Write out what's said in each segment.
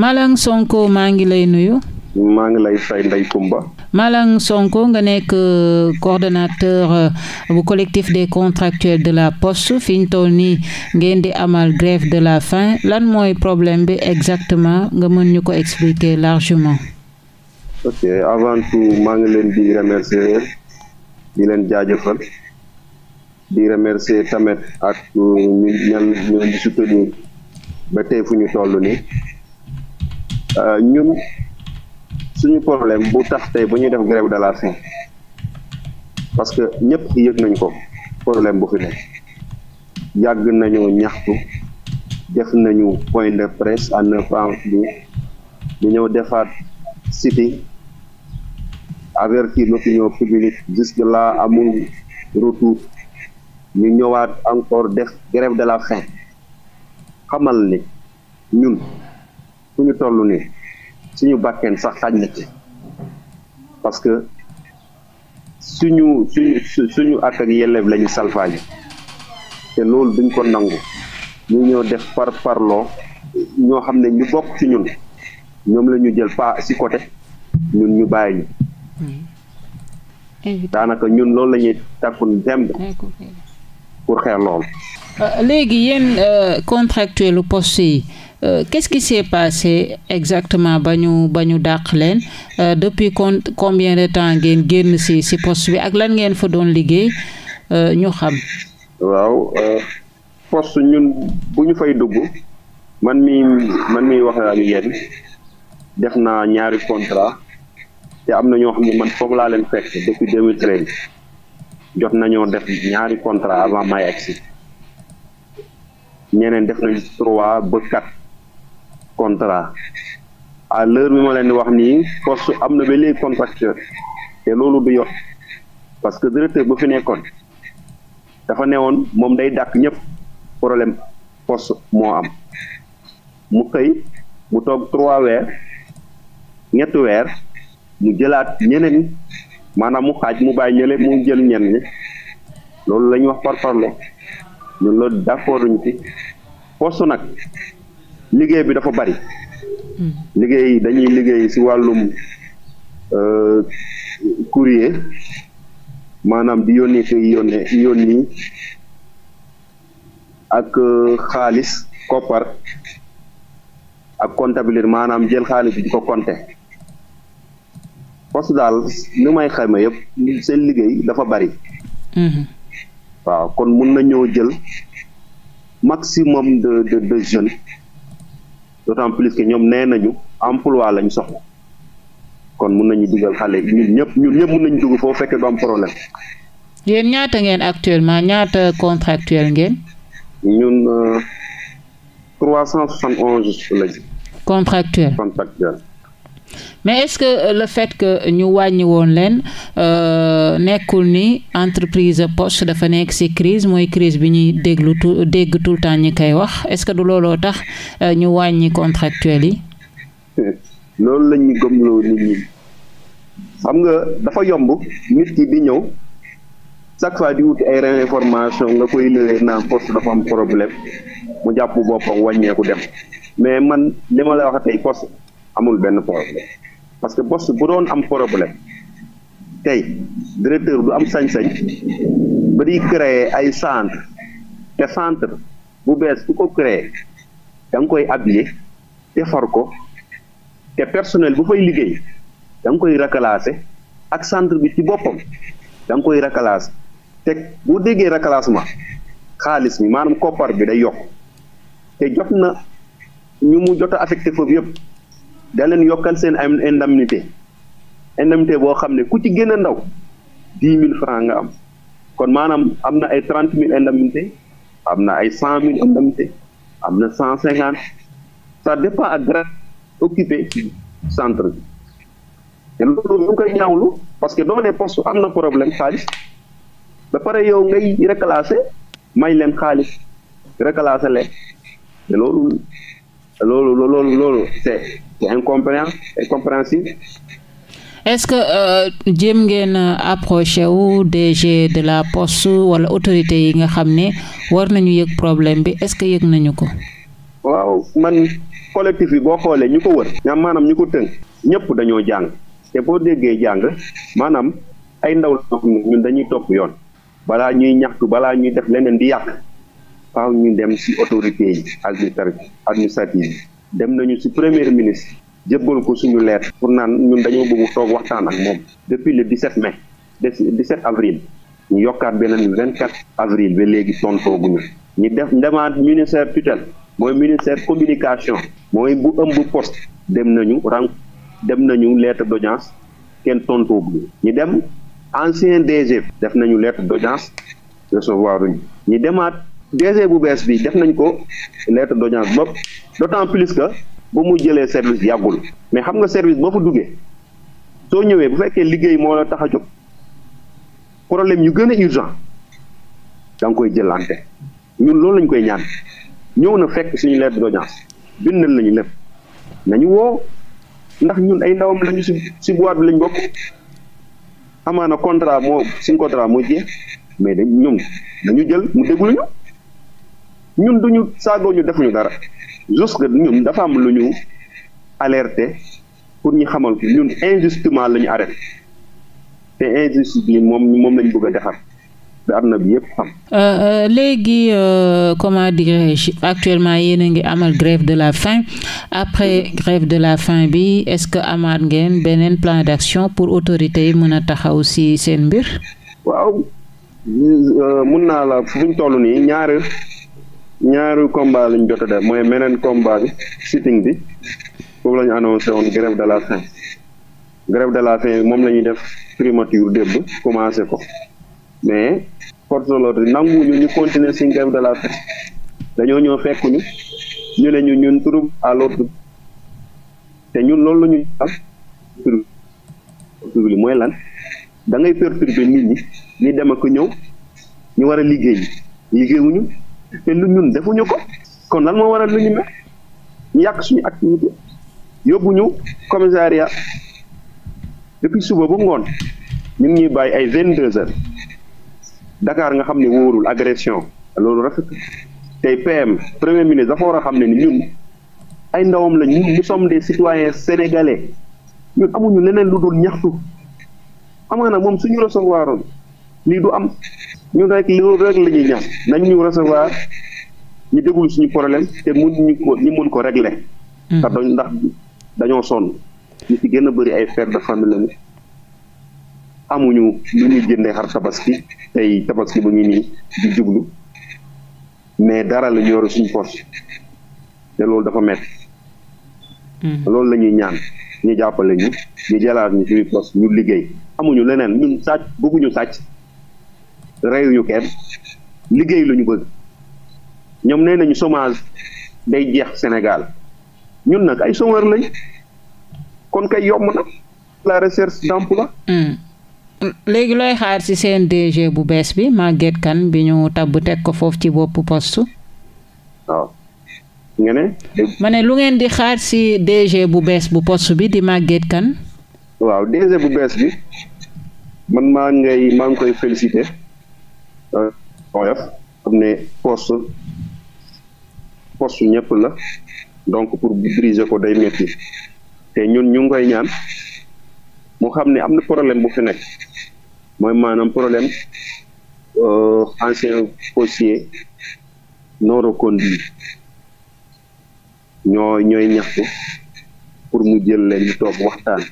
Malang Sonko maa ngi lay nuyu. maa ngi lay fay Ndeye Comba. Malang Sonko nga nekk euh, coordonnateur euh, bu collectif des contractuels de la poste fi toll nii ngeen di amal grève de la faim lan mooy problème bi exactement nga mën ñu ko expliquer largement. ok avant ngi leen leen jaajëfal tamit ak euh, ñu ñan ñu soutenir ba tey fu ñu toll nii. Euh, ñun suñu problème bu tax tey bu ñu def grève de la faim parce que ñëpp yëg nañ ko problème bu fi nekk yàgg nañu ñaxtu def nañu point de presse à neuf ans bi ñu ñëw defaat cité avertir l'opinion publique jusque là amul retour ñu ñëwaat encore def grève de la faim xamal ni ñun fu ñu toll nii suñu bàkkeen sax xaj na ci parce que suñu su suñu ak ak yelleef la ñu salfaaji te loolu duñ ko nangu ñu ñoo def par parloo ñoo xam ne ñu bokk ci ñun ñoom la ñu jël pas si côté ñun ñu bàyyi ñu mm. daanaka ñun loolu la ñuy tàkkun demb pour xeex lool euh, léegi yéen euh, contractuel lu poste yi euh, qu'est-ce qui s'est passé exactement ba ñu ba ñu dàq leen depuis combien de temps ngeen génn ci ci poste bi ak lan ngeen fa doon liggéey ñu xam. waaw poste ñun bu ñu fay dugg man mi man mi wax ak yéen def naa ñaari contrat te am na ñoo xam ne man foofu laa leen fekk depuis 2013. jot nañoo def ñaari contrat avant may agsi ñeneen def nañu trois ba quatre contrat à l'heure bi ma leen wax nii poste am na ba léegi contracteur te loolu du yot parce que directeur bu fi nekkoon dafa newoon moom day dàkk ñëpp problème poste moo am mu xëy mu toog trois weer ñetti weer mu jëlaat ñeneen maanaam mu xaaj mu bàyyi ñële mu jël ñenn ñi loolu lañuy ñuy wax parparlo ñun loolu d'accord ñu ci poste nag liggéey bi dafa bari hmm. liggéey dañuy liggéey ci wàllum euh, courrier maanaam di yónnee ki yónnee yónni ak euh, xaalis koppar ak comptabilité maanaam jël xaalis bi di ko compter poste daal nu may xayma yëpp seen liggéey dafa bari mhm. waaw kon mun nañoo jël maximum de de de jeunes d'autant plus que ñoom nee nañu emploi lañ soxla kon mun nañu dugal xale ñun ñëpp ñun ñëpp mun nañu dugg foofu fekkee du problème. yéen ñaata ngeen actuellement ñaata contractuel ngeen. ñun euh, trois cent soixante onze lañu. contractuel. mais est-ce que euh, le fait que ñu wàññi woon leen euh, nekkul ni entreprise poste dafa nekk ci crise mooy crise bi ñuy déglu tout dégg tout le temps ñi koy wax est-ce que du looloo tax euh, ñu wàññi yi. loolu la ñu gëmloo nit ñi xam nga dafa yomb nit ki di ñëw chaque fois di wut ay réinformation nga koy nëwee naan poste dafa am problème mu jàpp boppam wàññeeku dem mais man li ma la wax tey poste amul benn problème parce que bos bu doon am problème tey directeur du am sañ-sañ ba di créer ay centre te centre bu bees bu ko créer da nga koy habiller defar ko te personnel bu fay liggéey dang koy reclasser ak centre bi ci boppam dang koy reclasser te bu déggee reclassement xaalis mi maanaam koppar bi day yokk te jot na ñu mu jot a affecté foofu yëpp da leen yokkal seen am indemnité indemnité boo xam ne ku ci gën a ndaw dix mille francs nga am kon maanaam am na ay trente mille indemnité am na ay cent mille indemnité am na cent cinquante ça dépend a grade occupé centre bi te loolu ñu parce que dans les am na problème xaalis ba pare yow ngay reclasser may leen xaalis reclasser leen te loolu loolu loolu loolu c'est incompréhensible. est-ce que euh, jéem ngeen approché wu DG de la poste wala autorité yi nga xam ne war nañu yëg problème bi est-ce que yëg nañu ko. waaw man collectif bi boo xoolee ñu ko wër. ñaam maanaam ñu ko tënk ñëpp dañoo jàng te boo déggee jàng maanaam ay ndaw la ñun dañuy topp yoon balaa ñuy ñaxtu balaa ñuy def leneen di yàq faaw ñu dem ci autorité yi administrative administrative yi. dem nañu ci premier ministre jébbal ko suñu leer pour naan ñun dañoo bëgg toog waxtaan ak moom depuis le 17 mai de 17 avril ñu yokkaat beneen 24 avril ba léegi tontooguñu ñu def demaat ministère tutelle mooy ministère communication mooy bu ëmb post dem nañu rang dem nañu lettre d'audience kenn tontooguñu ñu dem ancien DG def nañu lettre d'audience recevoir uñu demaat DG bu bees bi def nañ ko lettre d'audience bopp d'autant plus que ba mu jëlee service yàggul mais xam nga service boo fa duggee soo ñëwee bu fekkee liggéey moo la tax a jóg problème yu gën a urgent da nga koy jëlante ñun loolu lañ koy ñaan ñëw na fekk suñu lettre d'audience bindal nañu lépp nañu woo ndax ñun ay ndawam lañu si si boîte bi lañ bokk amaana contrat moo suñ contrat moo jeex mais dañ ñoom nañu jël mu déglu ñu ñun duñu saagoo ñu defuñu dara juste que ñun dafa am lu ñu alerte pour ñu xamal ko ñun injustement la ñu arrêté te injustice bi moom moom lañ bëgg a am na àdduna bi yëpp xam. Euh, euh, léegi euh, comment dirais-je actuellement yéen a ngi amal grève de la faim après grève de la faim bi est-ce que amaat ngeen beneen plan d'action pour autorités yi mën a taxaw ci seen mbir. waaw mun naa la fu ñu nii ñaar. ñaaru combat lañ jot a def mooy meneen combat bi sitting bi foofu lañu ñu annoncé woon grève de la faim grève de la faim moom la ñuy def primature débb commencé ko mais force de l'ordre ñu ñu continuer si grève de la faim dañoo ñëw fekk ñu ne ñu ñun trouble à l'ordre te ñun loolu la ñuy am mooy lan da ngay perturber nit ñi ni dem ak ñëw ñu war a liggéey liggéeyuñu te lu ñun defuñu ko kon lan moo waral lu ñu mel ñu yàq suñu activité yóbbuñu ñu commissariat depuis suba ba ngoon ñu ngi ñuy bàyyi ay vingt deux heures dakaar nga xam ne wóorul agression loolu rafet tey PM premier ministre dafa war a xam ne ni ñun ay ndawam lañu ñun nous sommes des citoyens sénégalais ñun amuñu leneen lu dul ñaxtu amaana moom suñu recevoir woon lii du am ñu rek li rek la ñuy ñaan nañ ñu recevoir ñu déglu suñu problème te mun ñu ko ñu mun ko regle mm-hmm. ndax ndax dañoo sonn ñu ci gën a bëri ay fair de famille lañu amuñu ñu ñuy jëndee xar tabaski tey tabaski bu ñu nii di jublu mais dara la ñu yore suñu poche te loolu dafa métti. Mm-hmm. loolu lañuy ñaan ñu jàppale ñu ñu jëlaat ñu suñu poche ñu liggéey amuñu leneen ñun sàcc bëgguñu sàcc. reyuñu kenn liggéey lu ñu bëgg ñoom nee nañu somage day jeex Sénégal ñun nag ay chômeur lañ kon kay yomb na la recherche d'emploi hmm. léegi looy xaar ci seen DG bu bees bi Maguette kan bi ñu tabb teg ko foofu ci boppu poste waaw nga ne ma ne lu ngeen di xaar ci DG bu bees bu poste bi di Maguette kan waaw DG bu bees bi man maa ngay maa ngi koy féliciter Euh, oyof xam ne poste su ñëpp la donc pour briser ko day métti te ñun ñu ngi koy ñaan moo xam ne am na problème bu fi nekk mooy maanaam problème euh, ancien foncier non reconduit ñoo ñooy ñaxtu pour mu jël leen ñu toog waxtaan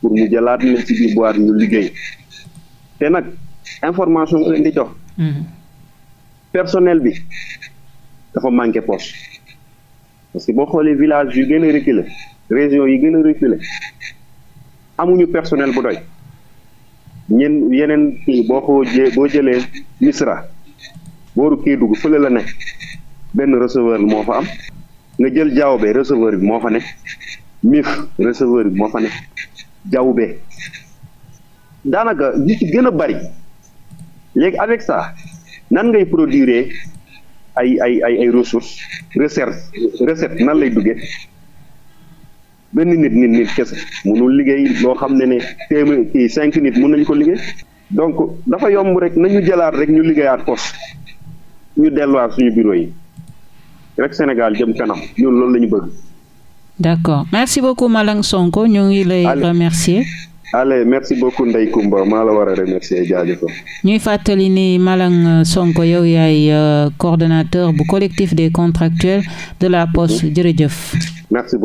pour mu jëlaat leen ci biir boîte ñu liggéey te nag information nga leen di jox. Hmm. personnel bi dafa manqué poste parce que boo xoolee village yu gën a reculé région yi gën a reculé amuñu personnel bu doy ñen yeneen kii boo ko boo jëlee Misra booru dugg fële la ne benn receveur moo fa am nga jël Diaobé receveur bi moo fa nekk Mif receveur bi moo fa nekk Diaobé daanaka li ci gën a bari. léegi avec ça nan ngay produire ay ay ay ay ressources recette recette nan lay duggee benn nit nit nit kese mënul liggéey loo xam ne ni téeméer kii cinq nit mun nañ ko liggéey donc dafa yomb rek nañu jëlaat rek ñu liggéeyaat poste ñu delluwaat suñu bureau yi rek Sénégal jëm kanam ñun loolu lañu ñu bëgg. d'accord merci beaucoup Malang Sonko ñu ngi lay remercier. allez merci beaucoup Ndeye Comba maa la war a remercier jaajëfal. ñuy fàttali ni Malang Sonko yow yaay euh, coordonnateur bu collectif des contractuels de la poste mm-hmm. jërëjëf. merci